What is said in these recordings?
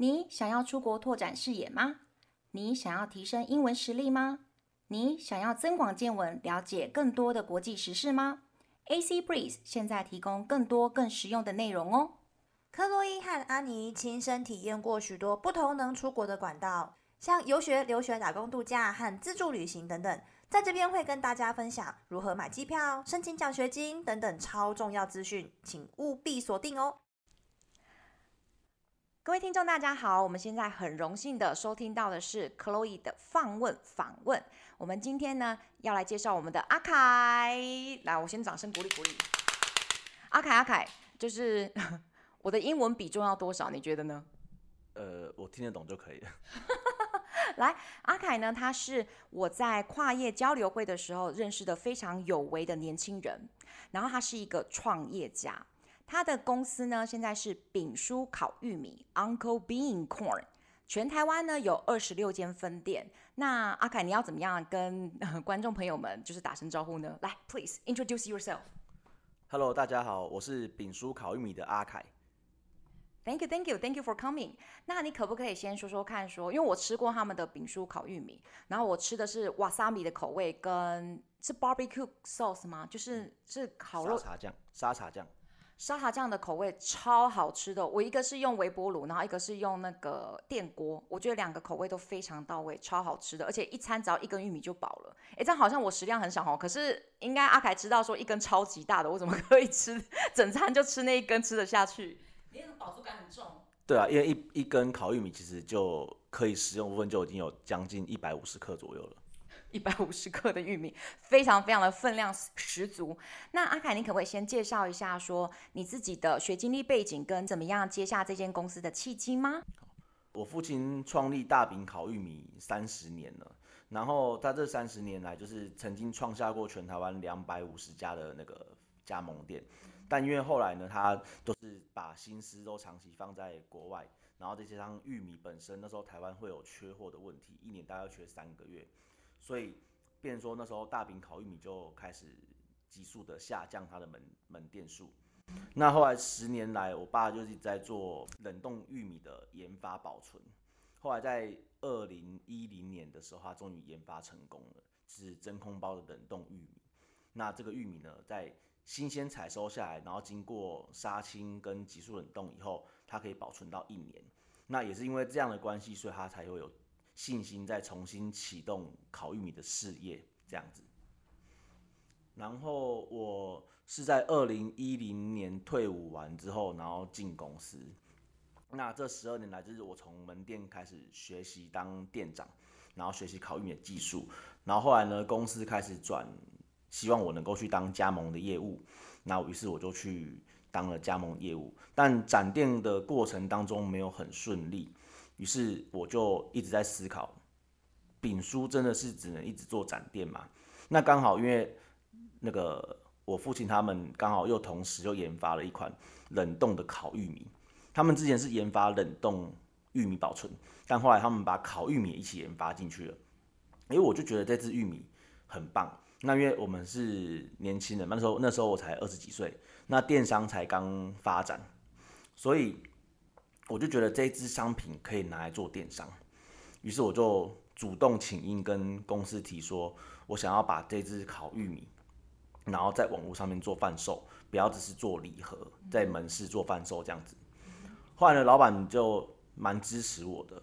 你想要出國拓展視野嗎？你想要提升英文實力嗎？你想要增廣見聞，了解更多的國際時事嗎？AC Breeze 現在提供更多更實用的內容哦。克洛伊和安妮親身體驗過許多不同能出國的管道，像遊學、留學、打工度假和自助旅行等等。在這邊會跟大家分享如何買機票、申請獎學金等等超重要資訊，請務必鎖定哦。各位聽眾，大家好！我們現在很榮幸的收聽到的是 Chloe 的放問，訪問。我們今天呢要來介紹我們的阿凱。來，我先掌聲鼓勵鼓勵。 阿凱，阿凱，就是我的英文比重要多少？你覺得呢？呃，我聽得懂就可以了。 來，阿凱呢，他是我在跨業交流會的時候認識的非常有為的年輕人，然後他是一個創業家。他的公司呢，現在是炳叔烤玉米 （Uncle Being Corn），全台灣呢有二十六間分店。那阿凱，你要怎麼樣跟呵呵觀眾朋友們就是打聲招呼呢？來，please introduce yourself。Hello，大家好，我是炳叔烤玉米的阿凱。Thank you, thank you, thank you for coming。那你可不可以先說說看說，說因為我吃過他們的炳叔烤玉米，然後我吃的是 wasabi 的口味跟，跟是 barbecue sauce 嗎？就是是烤肉沙茶醬。沙茶醬沙茶醬的口味超好吃的，我一個是用微波爐，然後一個是用那個電鍋，我覺得兩個口味都非常到位，超好吃的，而且一餐只要一根玉米就飽了。誒、欸，這樣好像我食量很小哦，可是應該阿凱知道說一根超級大的，我怎麼可以吃整餐就吃那一根吃得下去？你連飽足感很重。對啊，因為一一根烤玉米其實就可以食用部分就已經有將近一百五十克左右了。一百五十克的玉米，非常非常的分量十足。那阿凱，你可不可以先介紹一下，說你自己的學經歷背景跟怎麼樣接下這間公司的契機嗎？我父親創立炳叔烤玉米三十年了，然後他這三十年來就是曾經創下過全台灣兩百五十家的那個加盟店，但因為後來呢，他都是把心思都長期放在國外，然後再加上玉米本身那時候台灣會有缺貨的問題，一年大概要缺三個月。所以，變成說那時候大餅烤玉米就開始急速的下降它的門門店數。那後來十年來，我爸就一直在做冷凍玉米的研發保存。後來在二零一零年的時候，他終於研發成功了，是真空包的冷凍玉米。那這個玉米呢，在新鮮採收下來，然後經過殺青跟急速冷凍以後，它可以保存到一年。那也是因為這樣的關係，所以它才會有信心再重新啟動烤玉米的事業，這樣子。然後我是在二零一零年退伍完之後，然後進公司。那這十二年來，就是我從門店開始學習當店長，然後學習烤玉米的技術。然後後來呢，公司開始轉，希望我能夠去當加盟的業務。那於是我就去當了加盟業務，但展店的過程當中沒有很順利。於是我就一直在思考，炳叔真的是只能一直做展店嗎？那剛好因為那個我父親他們剛好又同時又研發了一款冷凍的烤玉米，他們之前是研發冷凍玉米保存，但後來他們把烤玉米也一起研發進去了。因為我就覺得這支玉米很棒。那因為我們是年輕人，那時候那時候我才二十幾歲，那電商才剛發展，所以。我就覺得這一支商品可以拿來做電商，於是我就主動請纓跟公司提說，我想要把這支烤玉米，然後在網絡上面做販售，不要只是做禮盒，在門市做販售這樣子。後來老板就蠻支持我的，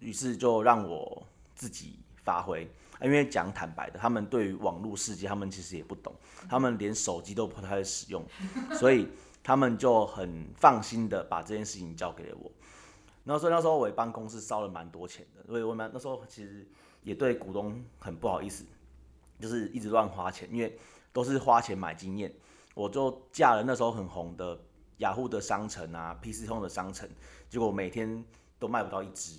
於是就讓我自己發揮。因為講坦白的，他們對於網絡世界他們其實也不懂，他們連手機都不太使用，所以。他們就很放心的把這件事情交給了我，然後所以那時候我也幫公司燒了蠻多錢的，所以我們那時候其實也對股東很不好意思，就是一直亂花錢，因為都是花錢買經驗。我就嫁了那時候很紅的雅虎的商城啊，PC Home 的商城，結果我每天都賣不到一支，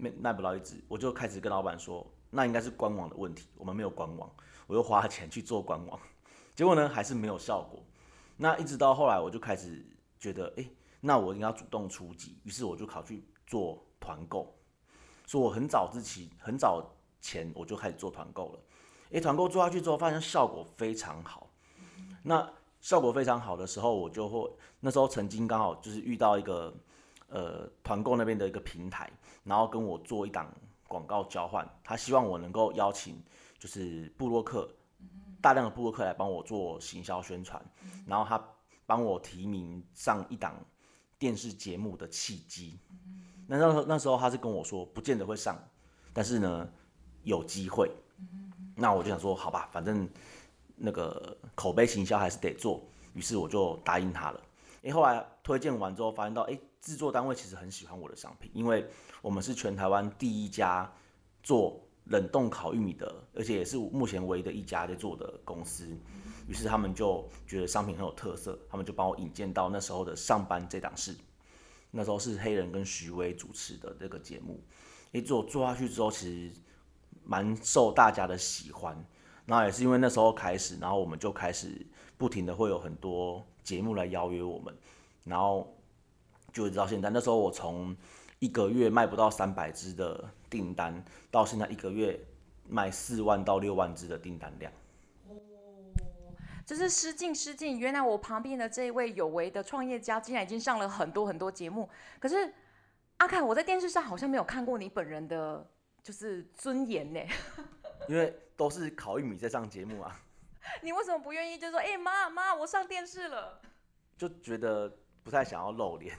賣賣不到一支，我就開始跟老板說，那應該是官網的問題，我們沒有官網，我又花錢去做官網，結果呢還是沒有效果。那一直到後來，我就開始覺得，哎、欸，那我應該主動出擊，於是我就考慮去做團購。所以我很早之前，很早前我就開始做團購了。哎、欸，團購做下去之後，發現效果非常好。那效果非常好的時候，我就會那時候曾經剛好就是遇到一個呃團購那邊的一個平台，然後跟我做一檔廣告交換，他希望我能夠邀請就是部落客。大量的部落客來幫我做行銷宣傳，然後他幫我提名上一檔電視節目的契機。那那時候，那時候他是跟我說，不見得會上，但是呢，有機會。那我就想說，好吧，反正那個口碑行銷還是得做，於是我就答應他了。誒、欸，後來推薦完之後，發現到哎，制、欸、作單位其實很喜歡我的商品，因為我們是全台灣第一家做。冷凍烤玉米的，而且也是目前唯一的一家在做的公司。於是他們就覺得商品很有特色，他們就幫我引薦到那時候的《上班這檔事》，那時候是黑人跟徐薇主持的這個節目。一、欸、為做做下去之後，其實蠻受大家的喜歡。然後也是因為那時候開始，然後我們就開始不停的會有很多節目來邀約我們，然後就一直到現在。那時候我從一個月賣不到三百支的訂單到現在一個月賣四萬到六萬支的訂單量。哦，就是失敬失敬！原來我旁邊的這位有為的創業家，竟然已經上了很多很多節目。可是阿凱，我在電視上好像沒有看過你本人的，就是尊嚴呢。因為都是烤玉米在上節目啊。你為什麼不願意？就說，哎，媽媽，我上電視了。就覺得不太想要露臉。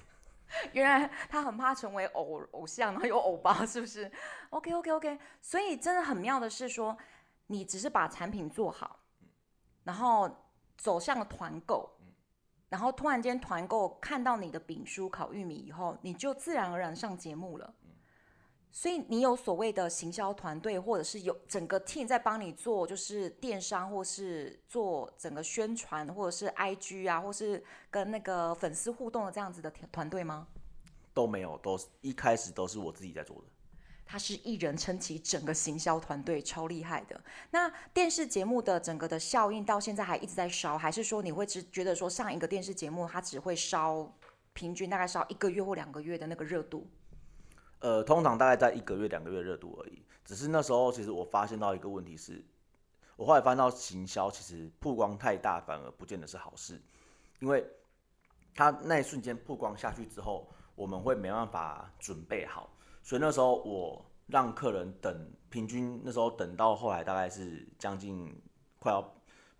原來他很怕成為偶偶像，然後有歐巴，是不是？OK OK OK，所以真的很妙的是說，你只是把產品做好，然後走向了團購，然後突然間團購看到你的炳叔烤玉米以後，你就自然而然上節目了。所以你有所謂的行銷團隊，或者是有整個 team 在幫你做，就是電商，或是做整個宣傳，或者是 IG 啊，或是跟那個粉絲互動的這樣子的團隊嗎？都沒有，都是一開始都是我自己在做的。他是一人撐起整個行銷團隊，超厲害的。那電視節目的整個的效應到現在還一直在燒，還是說你會只覺得說上一個電視節目它只會燒平均大概燒一個月或兩個月的那個熱度？呃，通常大概在一個月、兩個月熱度而已。只是那時候，其實我發現到一個問題是，我後來發現到行銷，其實曝光太大反而不見得是好事，因為他那一瞬間曝光下去之後，我們會沒辦法準備好，所以那時候我讓客人等，平均那時候等到後來大概是將近快要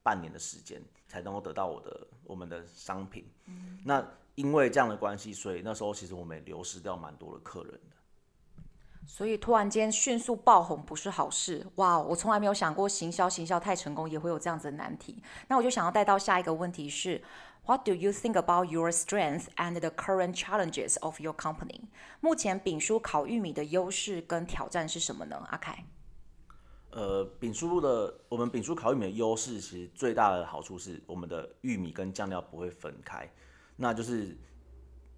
半年的時間，才能夠得到我的我們的商品。嗯。那因為這樣的關係，所以那時候其實我們也流失掉蠻多的客人的。所以突然間迅速爆紅不是好事哇！我從來沒有想過行銷，行銷太成功也會有這樣子的難題。那我就想要帶到下一個問題是：What do you think about your strengths and the current challenges of your company？目前炳叔烤玉米的優勢跟挑戰是什麼呢？阿凱，呃，炳叔的我們炳叔烤玉米的優勢其實最大的好處是我們的玉米跟醬料不會分開，那就是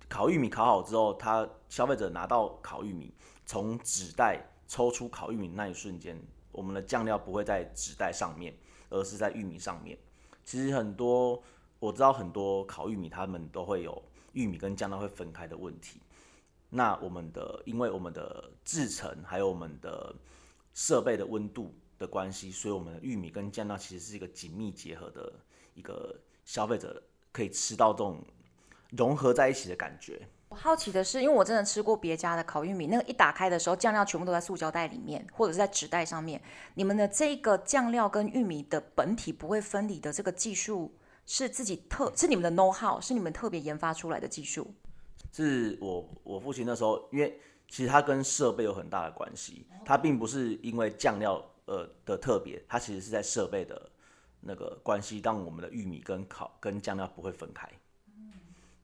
烤玉米烤好之後，他消費者拿到烤玉米。從紙袋抽出烤玉米的那一瞬間，我們的醬料不會在紙袋上面，而是在玉米上面。其實很多，我知道很多烤玉米，他們都會有玉米跟醬料會分開的問題。那我們的，因為我們的製程還有我們的設備的溫度的關係，所以我們的玉米跟醬料其實是一個緊密結合的一個，消費者可以吃到這種融合在一起的感覺。好奇的是，因為我真的吃過別家的烤玉米，那個一打開的時候，醬料全部都在塑膠袋裡面，或者是在紙袋上面。你們的這個醬料跟玉米的本體不會分離的這個技術，是自己特是你們的 know-how，是你們特別研發出來的技術？是我我父親那時候，因為其實它跟設備有很大的關係，它並不是因為醬料呃的特別，它其實是在設備的那個關係，讓我們的玉米跟烤跟醬料不會分開。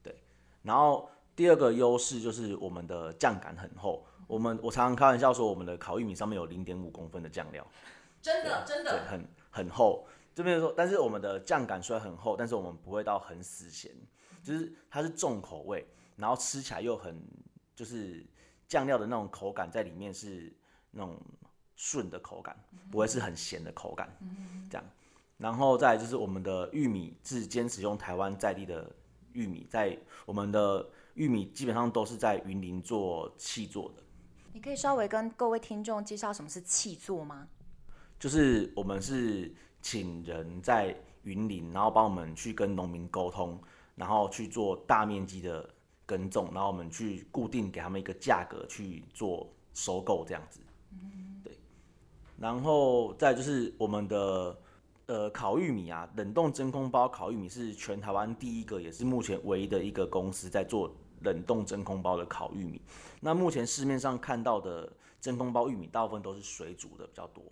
對，然後。第二個優勢就是我們的醬感很厚，我們我常常開玩笑說，我們的烤玉米上面有零點五公分的醬料，真的真的很很厚。這邊說，但是我們的醬感雖然很厚，但是我們不會到很死鹹，就是它是重口味，然後吃起來又很就是醬料的那種口感在裡面是那種順的口感，不會是很鹹的口感，嗯，這樣。然後再就是我們的玉米是堅持用台灣在地的玉米，在我們的。玉米基本上都是在雲林做契作的。你可以稍微跟各位聽眾介紹什麼是契作嗎？就是我們是請人在雲林，然後幫我們去跟農民溝通，然後去做大面積的耕種，然後我們去固定給他們一個價格去做收購，這樣子。對。然後再就是我們的。呃，烤玉米啊，冷凍真空包烤玉米是全台灣第一個，也是目前唯一的一個公司在做冷凍真空包的烤玉米。那目前市面上看到的真空包玉米，大部分都是水煮的比較多。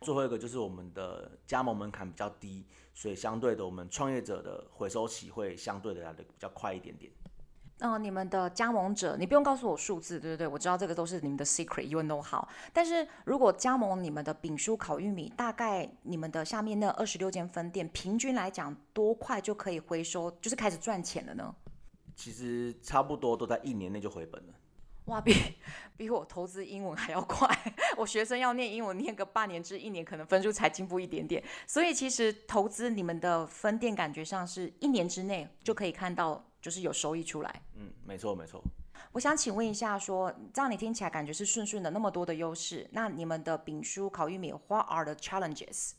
最後一個就是我們的加盟門檻比較低，所以相對的，我們創業者的回收期會相對的來的比較快一點點。嗯、呃，你們的加盟者，你不用告訴我數字，對不對？我知道這個都是你們的 secret，you know how。但是如果加盟你們的炳叔烤玉米，大概你們的下面那二十六間分店，平均來講多快就可以回收，就是開始賺錢了呢？其實差不多都在一年內就回本了。哇，比比我投資英文還要快。 我學生要念英文，念個半年至一年，可能分數才進步一點點。所以其實投資你們的分店，感覺上是一年之內就可以看到。就是有收益出來，嗯，沒錯沒錯。我想請問一下說，說這樣你聽起來感覺是順順的，那麼多的優勢，那你們的炳叔烤玉米，What are the challenges？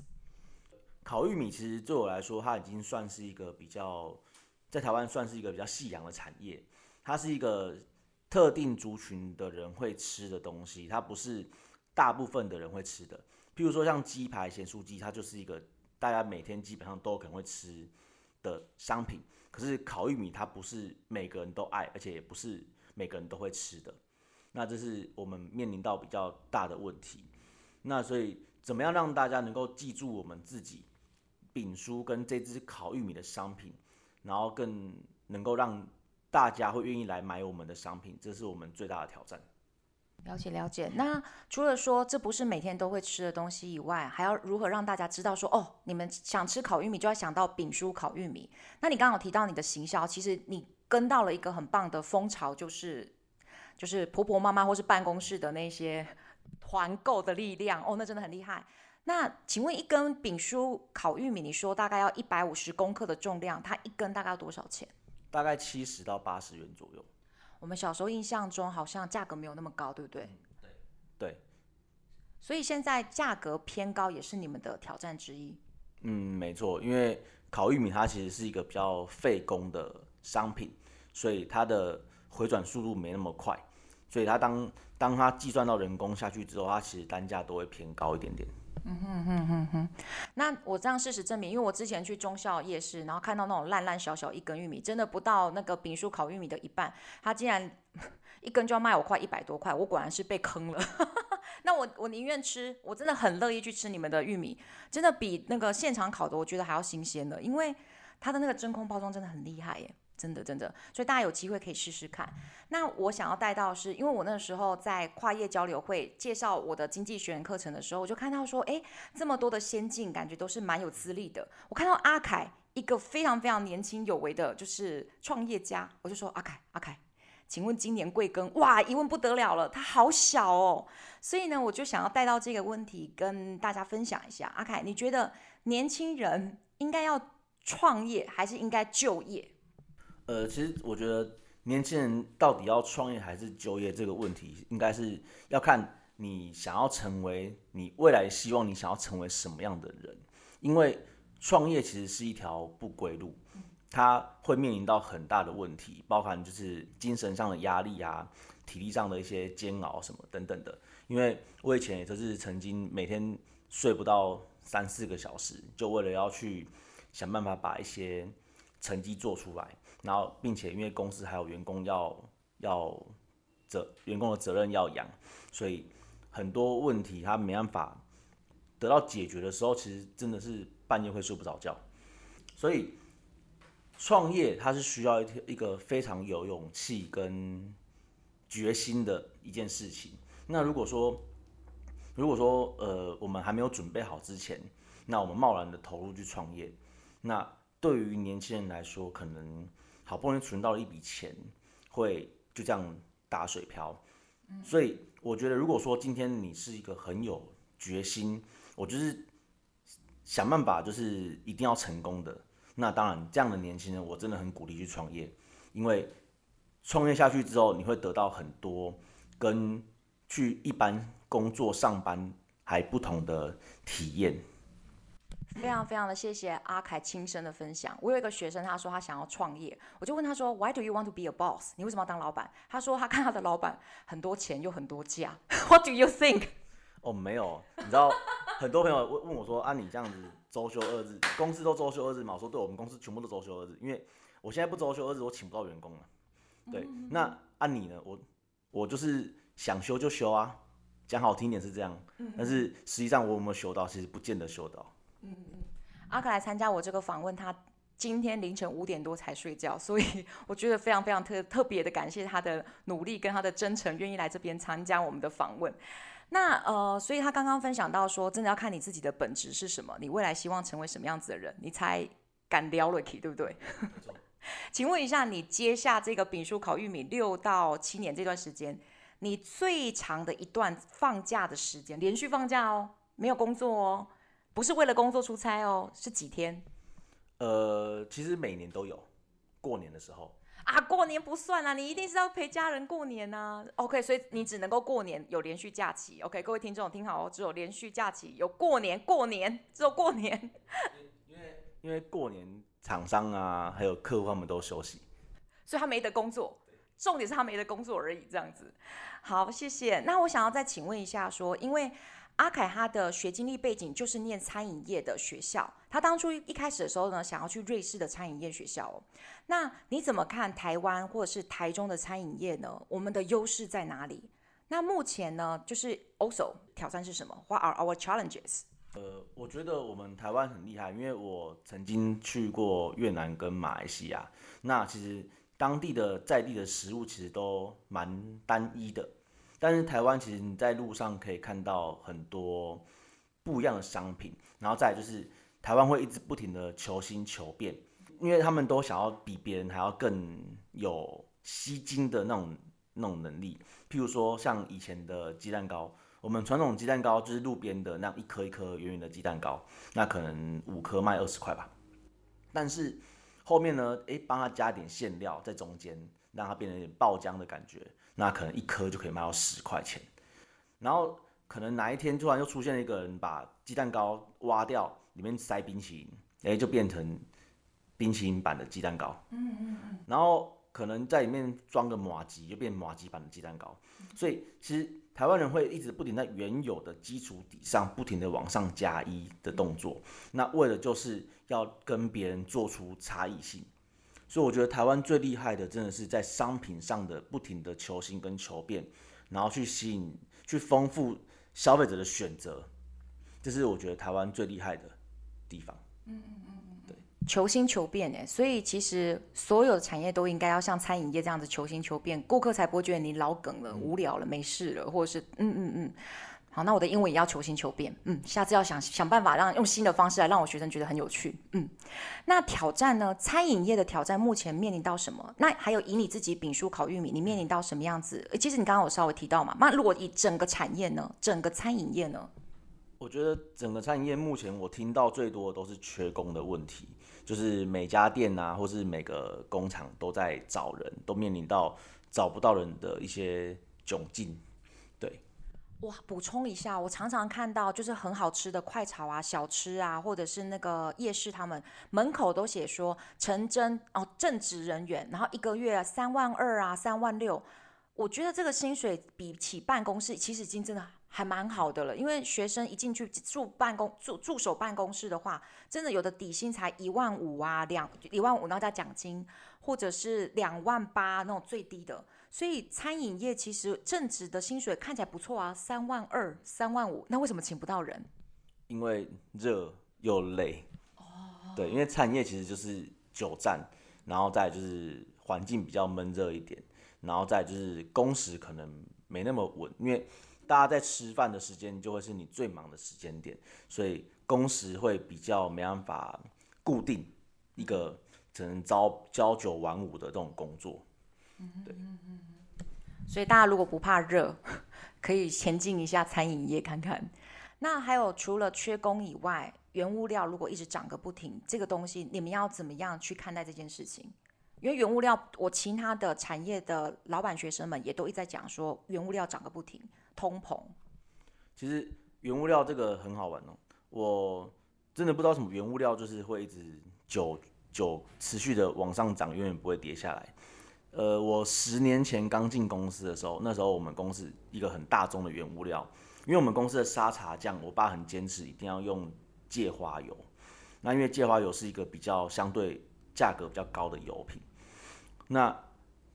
烤玉米其實對我來說，它已經算是一個比較在台灣算是一個比較夕陽的產業。它是一個特定族群的人會吃的東西，它不是大部分的人會吃的。譬如說像雞排、鹹酥雞，它就是一個大家每天基本上都有可能會吃的商品。可是烤玉米它不是每個人都愛，而且也不是每個人都會吃的，那這是我們面臨到比較大的問題。那所以怎麼樣讓大家能夠記住我們自己炳叔跟這支烤玉米的商品，然後更能夠讓大家會願意來買我們的商品，這是我們最大的挑戰。了解了解，那除了說這不是每天都會吃的東西以外，還要如何讓大家知道說哦，你們想吃烤玉米就要想到炳叔烤玉米。那你剛剛提到你的行銷，其實你跟到了一個很棒的風潮，就是就是婆婆媽媽或是辦公室的那些團購的力量哦，那真的很厲害。那請問一根炳叔烤玉米，你說大概要一百五十公克的重量，它一根大概要多少錢？大概七十到八十元左右。我們小時候印象中好像價格沒有那麼高，對不對？對，對。所以現在價格偏高也是你們的挑戰之一。嗯，沒錯，因為烤玉米它其實是一個比較費工的商品，所以它的回轉速度沒那麼快，所以它當當它計算到人工下去之後，它其實單價都會偏高一點點。嗯哼哼哼哼，那我這樣事實證明，因為我之前去忠孝夜市，然後看到那種爛爛小小一根玉米，真的不到那個炳叔烤玉米的一半，他竟然一根就要賣我快一百多塊，我果然是被坑了。 那我我寧願吃，我真的很樂意去吃你們的玉米，真的比那個現場烤的我覺得還要新鮮的，因為它的那個真空包裝真的很厲害耶！真的，真的，所以大家有機會可以試試看。那我想要帶到的是，因為我那時候在跨業交流會介紹我的經濟學人課程的時候，我就看到說，哎、欸，這麼多的先進，感覺都是蠻有資歷的。我看到阿凱，一個非常非常年輕有為的，就是創業家，我就說阿凱，阿凱，請問今年貴庚？哇，一問不得了了，他好小哦。所以呢，我就想要帶到這個問題跟大家分享一下，阿凱，你覺得年輕人應該要創業還是應該就業？呃，其實我覺得年輕人到底要創業還是就業這個問題，應該是要看你想要成為你未來希望你想要成為什麼樣的人。因為創業其實是一條不歸路，它會面臨到很大的問題，包含就是精神上的壓力啊，體力上的一些煎熬什麼等等的。因為我以前也就是曾經每天睡不到三四個小時，就為了要去想辦法把一些成績做出來。然後，並且因為公司還有員工要要責員工的責任要養，所以很多問題他沒辦法得到解決的時候，其實真的是半夜會睡不着覺。所以創業它是需要一個一個非常有勇氣跟決心的一件事情。那如果說，如果說，呃，我們還沒有準備好之前，那我們貿然的投入去創業，那對於年輕人來說，可能。好不容易存到了一筆錢，會就這樣打水漂。嗯。所以我覺得，如果說今天你是一個很有決心，我就是想辦法，就是一定要成功的，那當然這樣的年輕人，我真的很鼓勵去創業，因為創業下去之後，你會得到很多跟去一般工作上班還不同的體驗。非常非常的謝謝阿凱親身的分享。我有一個學生，他說他想要創業，我就問他說，Why do you want to be a boss？你為什麼要當老闆？他說他看他的老闆很多錢又很多假。What do you think？哦，沒有，你知道，很多朋友問問我說，按、 啊、你這樣子周休二日，公司都周休二日嘛？我說對，我們公司全部都周休二日，因為我現在不周休二日，我請不到員工了、啊。對，嗯、那按、啊、你呢？我我就是想休就休啊，講好聽點是這樣，但是實際上我有沒有休到，其實不見得休到。嗯嗯，阿凱來參加我這個訪問，他今天凌晨五點多才睡覺，所以我覺得非常非常特特別的感謝他的努力跟他的真誠，願意來這邊參加我們的訪問。那呃，所以他剛剛分享到說，真的要看你自己的本質是什麼，你未來希望成為什麼樣子的人，你才敢聊了，對不對？請問一下，你接下這個炳叔烤玉米六到七年這段時間，你最長的一段放假的時間，連續放假哦，沒有工作哦。不是為了工作出差哦，是幾天？呃，其實每年都有，過年的時候啊，過年不算啦，啊，你一定是要陪家人過年吶，啊。OK，所以你只能夠過年有連續假期。OK，各位聽眾聽好哦，只有連續假期有過年，過年只有過年。 因為因為，因為過年廠商啊，還有客戶他們都休息，所以他沒得工作。重點是他沒得工作而已，這樣子。好，謝謝。那我想要再請問一下說，說因為。阿凱他的學經歷背景就是念餐飲業的學校，他當初一開始的時候呢，想要去瑞士的餐飲業學校哦。那你怎麼看台灣或者是台中的餐飲業呢？我們的優勢在哪裡？那目前呢，就是 also 挑戰是什麼？What are our challenges？呃，我覺得我們台灣很厲害，因為我曾經去過越南跟馬來西亞，那其實當地的在地的食物其實都蠻單一的。但是台灣其實你在路上可以看到很多不一樣的商品，然後再，就是台灣會一直不停的求新求變，因為他們都想要比別人還要更有吸睛的那種那種能力。譬如說像以前的雞蛋糕，我們傳統雞蛋糕就是路邊的那樣一顆一顆圓圓的雞蛋糕，那可能五顆賣二十塊吧。但是後面呢，誒、欸，幫他加點餡料在中間，讓他變成爆漿的感覺。那可能一顆就可以賣到十塊錢，然後可能哪一天突然又出現一個人把雞蛋糕挖掉，裡面塞冰淇淋，哎、欸，就變成冰淇淋版的雞蛋糕。嗯嗯嗯。然後可能在裡面裝個麻糬，就變麻糬版的雞蛋糕。所以其實台灣人會一直不停在原有的基礎底上不停的往上加一的動作，那為了就是要跟別人做出差異性。所以我覺得台灣最厲害的，真的是在商品上的不停的求新跟求變，然後去吸引、去豐富消費者的選擇，這是我覺得台灣最厲害的地方。嗯嗯嗯，對，求新求變誒，所以其實所有的產業都應該要像餐飲業這樣子求新求變，顧客才不會覺得你老梗了、嗯、無聊了、沒事了，或者是嗯嗯嗯。嗯嗯好，那我的英文也要求新求變，嗯，下次要想想辦法讓用新的方式來讓我學生覺得很有趣，嗯。那挑戰呢？餐飲業的挑戰目前面臨到什麼？那還有以你自己炳叔烤玉米，你面臨到什麼樣子？其實你剛剛有稍微提到嘛，那如果以整個產業呢，整個餐飲業呢？我覺得整個餐飲業目前我聽到最多的都是缺工的問題，就是每家店啊，或是每個工廠都在找人，都面臨到找不到人的一些窘境。哇，補充一下，我常常看到就是很好吃的快炒啊、小吃啊，或者是那個夜市，他們門口都寫說“誠徵哦，正職人員”，然後一個月三萬二啊、三萬六。我覺得這個薪水比起辦公室其實已經真的還蠻好的了，因為學生一進去住辦公、住助手辦公室的話，真的有的底薪才一萬五啊，兩一萬五，然後再獎金，或者是兩萬八那種最低的。所以餐飲業其實正職的薪水看起來不錯啊，三萬二、三萬五，那為什麼請不到人？因為熱又累。哦、oh。對，因為餐飲業其實就是久站，然後再就是環境比較悶熱一點，然後再就是工時可能沒那麼穩，因為大家在吃飯的時間就會是你最忙的時間點，所以工時會比較沒辦法固定一個只能朝朝九晚五的這種工作。對，所以大家如果不怕熱，可以前進一下餐飲業看看。那還有除了缺工以外，原物料如果一直漲個不停，這個東西你們要怎麼樣去看待這件事情？因為原物料，我其他的產業的老闆學生們也都一直在講說，原物料漲個不停，通膨。其實原物料這個很好玩哦，我真的不知道什麼原物料就是會一直久久持續的往上漲，永遠不會跌下來。呃，我十年前剛進公司的時候，那時候我們公司一個很大宗的原物料，因為我們公司的沙茶醬，我爸很堅持一定要用芥花油。那因為芥花油是一個比較相對價格比較高的油品。那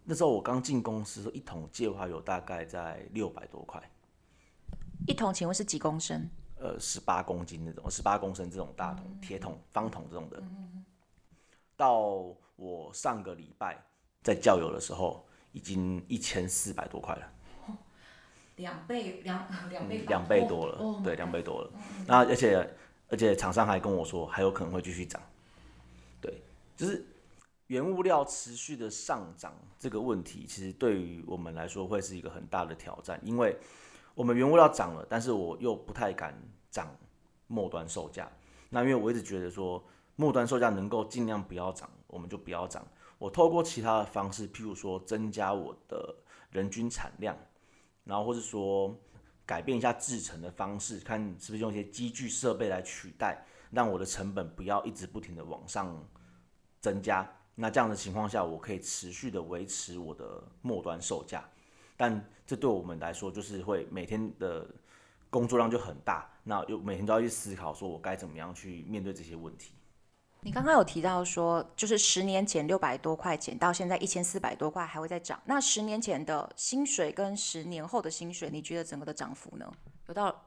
那時候我剛進公司，一桶芥花油大概在六百多塊。一桶請問是幾公升？呃，十八公斤那種，十八公升這種大桶、嗯、鐵桶方桶這種的、嗯。到我上個禮拜。在教友的時候，已經一千四百多塊了，哦、兩倍兩兩倍嗯、兩倍多了，哦、對，哦、兩倍多了。嗯、那而且而且廠商還跟我說，還有可能會繼續漲。對，就是原物料持續的上漲這個問題，其實對於我們來說會是一個很大的挑戰，因為我們原物料漲了，但是我又不太敢漲末端售價。那因為我一直覺得說，末端售價能夠盡量不要漲，我們就不要漲。我透過其他的方式，譬如說增加我的人均產量，然後或是說改變一下製程的方式，看是不是用一些機具設備來取代，讓我的成本不要一直不停的往上增加。那這樣的情況下，我可以持續的維持我的末端售價，但這對我們來說，就是會每天的工作量就很大，那又每天都要去思考，說我該怎麼樣去面對這些問題。你剛剛有提到說，就是十年前六百多塊錢，到現在一千四百多塊還會再漲。那十年前的薪水跟十年後的薪水，你覺得整個的漲幅呢？有到？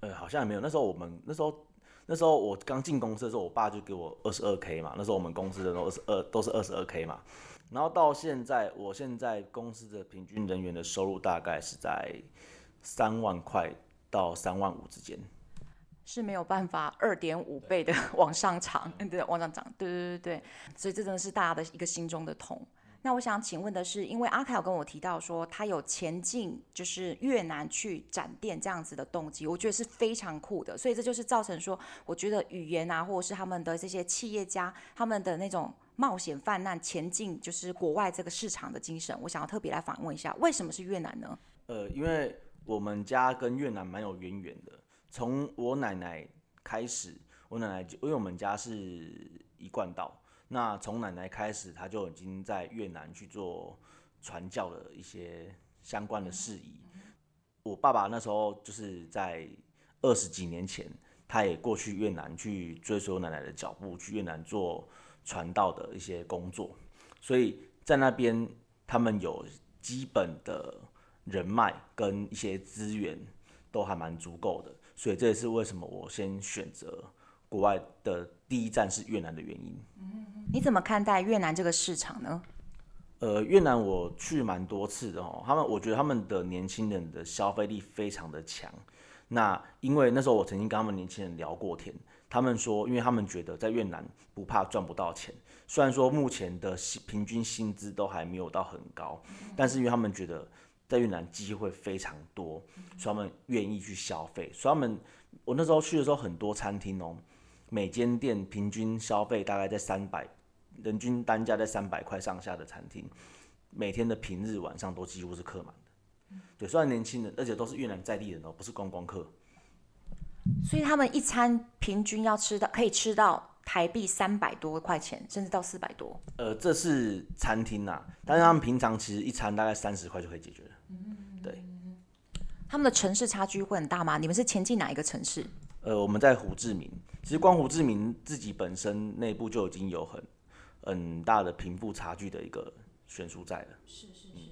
呃，好像也沒有。那時候我們那時候那時候我剛進公司的時候，我爸就給我二十二 K 嘛。那時候我們公司的都二十二都是二十二 K 嘛。然後到現在，我現在公司的平均人員的收入大概是在三萬塊到三萬五之間。是沒有辦法二點五倍的往上漲，對，往上漲，對，對,對，對，所以這真的是大家的一個心中的痛。那我想請問的是，因為阿凱有跟我提到說他有前進就是越南去展店這樣子的動機，我覺得是非常酷的。所以這就是造成說，我覺得語言啊，或者是他們的這些企業家他們的那種冒險犯難、前進就是國外這個市場的精神，我想要特別來訪問一下，為什麼是越南呢？呃，因為我們家跟越南蠻有淵源的。從我奶奶開始，我奶奶就因為我們家是一貫道，那從奶奶開始，她就已經在越南去做傳教的一些相關的事宜。我爸爸那時候就是在二十幾年前，他也過去越南去追隨我奶奶的腳步，去越南做傳道的一些工作。所以在那邊，他們有基本的人脈跟一些資源，都還蠻足夠的。所以這也是為什麼我先選擇國外的第一站是越南的原因。嗯，你怎麼看待越南這個市場呢？呃，越南我去蠻多次的哦，他們我覺得他們的年輕人的消費力非常的強。那因為那時候我曾經跟他們年輕人聊過天，他們說，因為他們覺得在越南不怕賺不到錢，雖然說目前的平均薪資都還沒有到很高，但是因為他們覺得，在越南機會非常多，所以他們願意去消費。所以他們，我那時候去的時候，很多餐廳喔，每間店平均消費大概在三百，人均單價在三百塊上下的餐廳，每天的平日晚上都幾乎是客滿的。對，雖然年輕人，而且都是越南在地人喔，不是觀光客。所以他們一餐平均要吃到可以吃到台幣三百多塊錢，甚至到四百多。呃，這是餐廳啊，但是他們平常其實一餐大概三十塊就可以解決了。他們的城市差距會很大嗎？你們是前進哪一個城市？呃，我們在胡志明。其實光胡志明自己本身內部就已經有很很大的貧富差距的一個懸殊在了。是是是、嗯，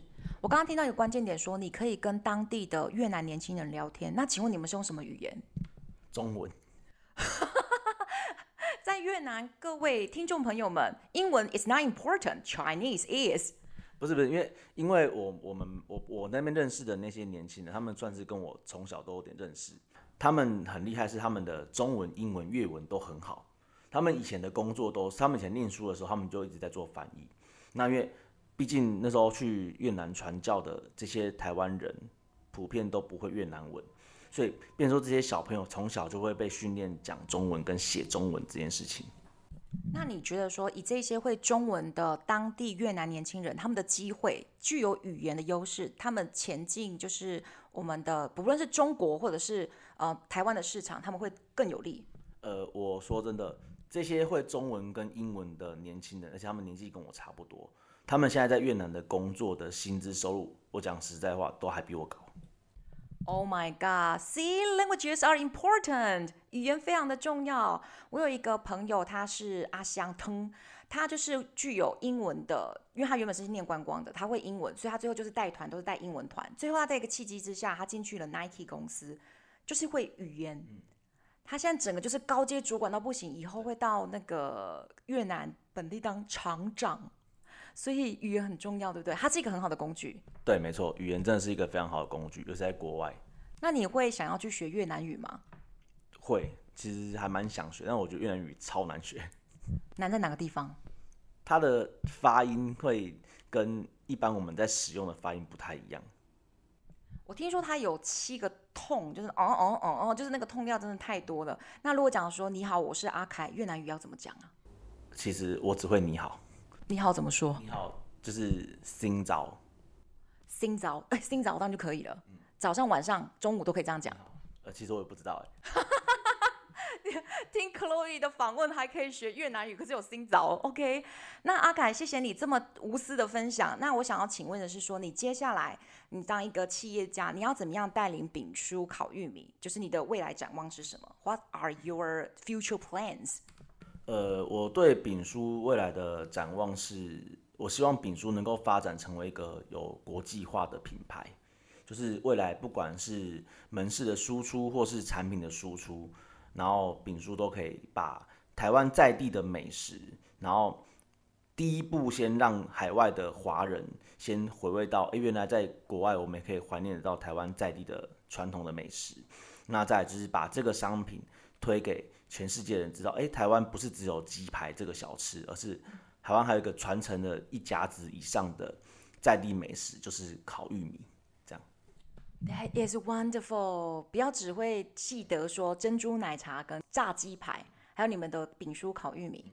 我剛剛聽到一個關鍵點，說你可以跟當地的越南年輕人聊天。那請問你們是用什麼語言？中文。 在越南，各位聽眾朋友們，英文 is not important, Chinese is。不是不是，因為因為我我們我我那邊認識的那些年輕人，他們算是跟我從小都有點認識。他們很厲害，是他們的中文、英文、越文都很好。他們以前的工作都是，他們以前念書的時候，他們就一直在做翻譯。那因為畢竟那時候去越南傳教的這些台灣人，普遍都不會越南文，所以變說這些小朋友從小就會被訓練講中文跟寫中文這件事情。那你覺得說，以這些會中文的當地越南年輕人，他們的機會具有語言的優勢，他們前進就是我們的，不論是中國或者是呃台灣的市場，他們會更有利。呃，我說真的，這些會中文跟英文的年輕人，而且他們年紀跟我差不多，他們現在在越南的工作的薪資收入，我講實在話，都還比我高。Oh my God! See, languages are important. 語言非常的重要。我有一個朋友，他是阿香騰，他就是具有英文的，因為他原本是念觀光的，他會英文，所以他最後就是帶團都是帶英文團。最後他在一個契機之下，他進去了 Nike 公司，就是會語言。他現在整個就是高階主管到不行，以後會到那個越南本地當廠長。所以語言很重要，對不對？它是一個很好的工具。對，沒錯，語言真的是一個非常好的工具，尤其在國外。那你會想要去學越南語嗎？會，其實還蠻想學，但我覺得越南語超難學。難在哪個地方？它的發音會跟一般我們在使用的發音不太一樣。我聽說它有七個 “tone”，就是哦哦哦哦，就是那個 “tone” 調真的太多了。那如果講說你好，我是阿凱，越南語要怎麼講啊？其實我只會你好。你好，怎麼說？你好，就是新早，新早哎，新早當然就可以了。早上、晚上、中午都可以這樣講。呃、嗯，其實我也不知道哎。 聽 Chloe 的訪問還可以學越南語，可是有新早 OK？那阿凱，謝謝你這麼無私的分享。那我想要請問的是說，說你接下來你當一個企業家，你要怎麼樣帶領炳叔烤玉米？就是你的未來展望是什麼？What are your future plans？呃，我對炳叔未來的展望是，我希望炳叔能夠發展成為一個有國際化的品牌，就是未來不管是門市的輸出或是產品的輸出，然後炳叔都可以把台灣在地的美食，然後第一步先讓海外的華人先回味到，哎，原來在國外我們也可以懷念得到台灣在地的傳統的美食，那再就是把這個商品推給。全世界人知道，哎、欸，台灣不是只有雞排這個小吃，而是台灣還有一個傳承了一甲子以上的在地美食，就是烤玉米。這樣，That is wonderful。不要只會記得說珍珠奶茶跟炸雞排，還有你們的炳叔烤玉米。